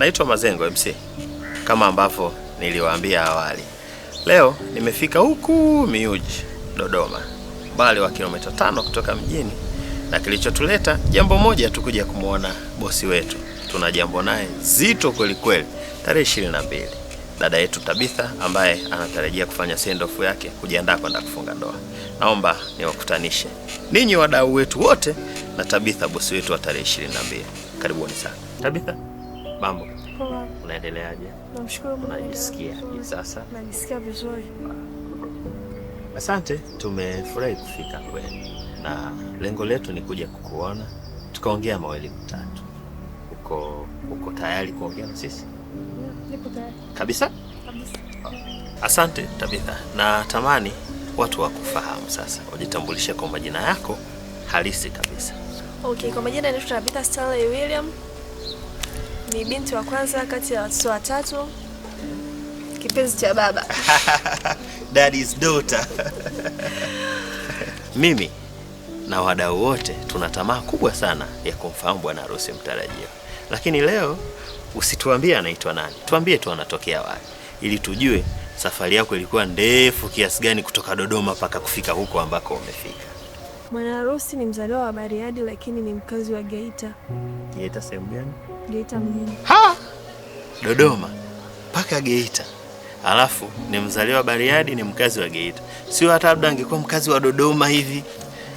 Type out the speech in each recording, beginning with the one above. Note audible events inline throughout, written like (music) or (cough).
Naitwa Mazengo MC kama ambavyo niliwaambia awali. Leo nimefika huku Miuji, Dodoma, mbali wa kilomita tano kutoka mjini, na kilichotuleta jambo moja tu, kuja kumwona bosi wetu. Tuna jambo naye zito kweli kweli, tarehe ishirini na mbili dada yetu Tabitha ambaye anatarajia kufanya send off yake kujiandaa kwenda kufunga ndoa. Naomba niwakutanishe ninyi wadau wetu wote na Tabitha, bosi wetu wa tarehe 22. Karibuni sana Tabitha. Mambo, unaendeleaje? Namshukuru Mungu. Unajisikia sasa? Najisikia vizuri. Asante, tumefurahi kufika kwenu na lengo letu ni kuja kukuona tukaongea mawili matatu. Uko uko tayari kuongea na sisi? Nipo tayari. Kabisa? Kabisa. Oh, asante Tabitha, na tamani watu wakufahamu sasa, ujitambulishe kwa majina yako halisi kabisa. Okay, kwa majina ni Tabitha Stanley William ni binti wa kwanza kati ya watoto watatu, kipenzi cha baba (laughs) daddy's daughter (laughs) mimi na wadau wote tuna tamaa kubwa sana ya kumfahamu bwana harusi mtarajiwa, lakini leo usituambie anaitwa nani, tuambie tu anatokea wapi, ili tujue safari yako ilikuwa ndefu kiasi gani kutoka Dodoma mpaka kufika huko ambako umefika. Mwana harusi ni mzaliwa wa Bariadi lakini ni mkazi wa Geita. Geita sehemu gani? Geita hmm. mjini. Ha! Dodoma mpaka Geita, alafu ni mzaliwa wa Bariadi, ni mkazi wa Geita. Sio hata labda angekuwa mkazi wa Dodoma hivi,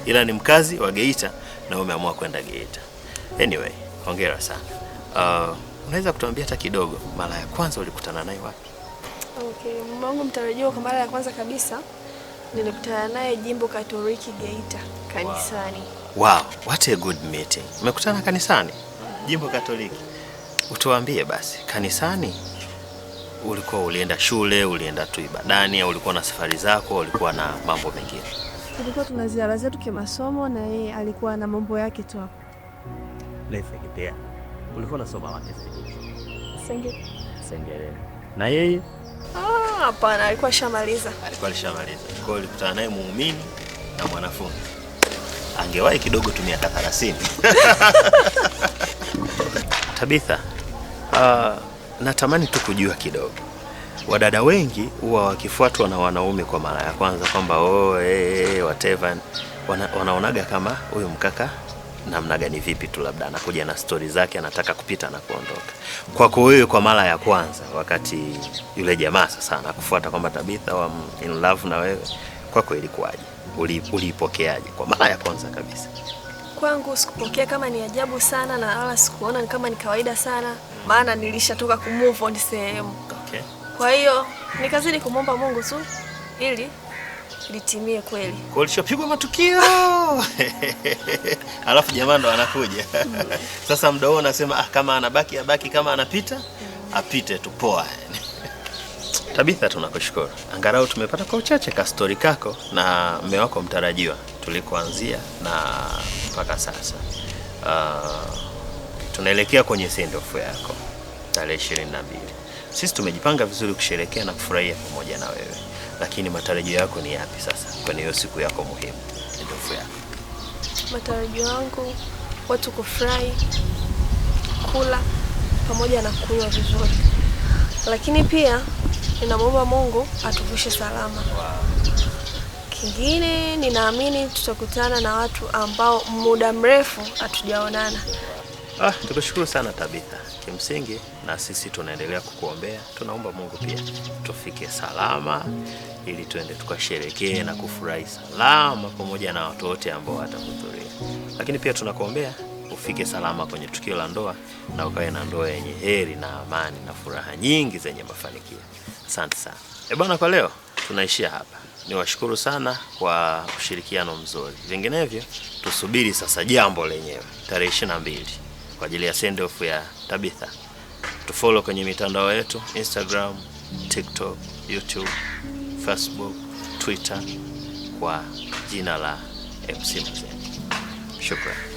ila ni mkazi wa Geita na umeamua kwenda Geita. Anyway, hongera sana. Uh, unaweza kutuambia hata kidogo, mara ya kwanza ulikutana naye wapi? Okay, mama wangu mtarajiwa, kwa mara ya kwanza kabisa nilikutana naye Jimbo Katoliki Geita kanisani. Wow, what a good meeting. Umekutana kanisani? Jimbo Katoliki. Utuambie basi, kanisani ulikuwa ulienda shule, ulienda tu ibadani au ulikuwa na safari zako, ulikuwa na mambo mengine? Tulikuwa tuna ziara zetu kimasomo na yeye alikuwa na mambo yake tu hapo. Ulikuwa unasoma wapi? Senge. Senge. Na yeye? Ah, hapana, alikuwa shamaliza. Alikuwa alishamaliza. Kwa hiyo ulikutana naye muumini na mwanafunzi angewahi kidogo tu miaka 30. (laughs) Tabitha, uh, natamani tu kujua kidogo. Wadada wengi huwa wakifuatwa na wanaume kwa mara ya kwanza kwamba oh, hey, eh, eh, hey, eh, whatever wana, wanaonaga kama huyu mkaka namna gani vipi tu, labda anakuja na stori zake, anataka kupita na kuondoka. Kwako wewe kwa mara ya kwanza, wakati yule jamaa sasa anakufuata kwamba Tabitha, I'm in love na wewe, kwako ilikuwaje? uliipokeaje kwa mara ya kwanza kabisa? Kwangu sikupokea kama ni ajabu sana na wala sikuona kama ni kawaida sana, maana nilishatoka ku move on sehemu. Okay. Kwa hiyo nikazidi kumwomba Mungu tu ili litimie kweli. Kwa ulishopigwa matukio. (laughs) Alafu jamaa ndo anakuja. (laughs) Sasa mda huo anasema ah, kama anabaki abaki, kama anapita apite tu, poa. (laughs) Tabitha, tunakushukuru angalau tumepata kwa uchache ka story kako na mume wako mtarajiwa, tulikuanzia na mpaka sasa. Uh, tunaelekea kwenye send off yako tarehe ishirini na mbili. Sisi tumejipanga vizuri kusherekea na kufurahia pamoja na wewe, lakini matarajio yako ni yapi sasa kwenye hiyo siku yako muhimu send off yako? Matarajio yangu watu kufurahi, kula pamoja na kunywa vizuri, lakini pia Ninamwomba Mungu atuvushe salama. Kingine ninaamini tutakutana na watu ambao muda mrefu hatujaonana. Ah, tukushukuru sana Tabitha. Kimsingi na sisi tunaendelea kukuombea, tunaomba Mungu pia tufike salama ili tuende tukasherekee na kufurahi salama pamoja na watu wote ambao watahudhuria, lakini pia tunakuombea ufike salama kwenye tukio la ndoa na ukawe na ndoa yenye heri na amani na furaha nyingi zenye mafanikio. Asante sana. e bwana, kwa leo tunaishia hapa. Niwashukuru sana kwa ushirikiano mzuri, vinginevyo tusubiri sasa jambo lenyewe tarehe 22 kwa ajili ya send off ya Tabitha. Tufollow kwenye mitandao yetu Instagram, TikTok, YouTube, Facebook, Twitter kwa jina la MC Mzee. Shukrani.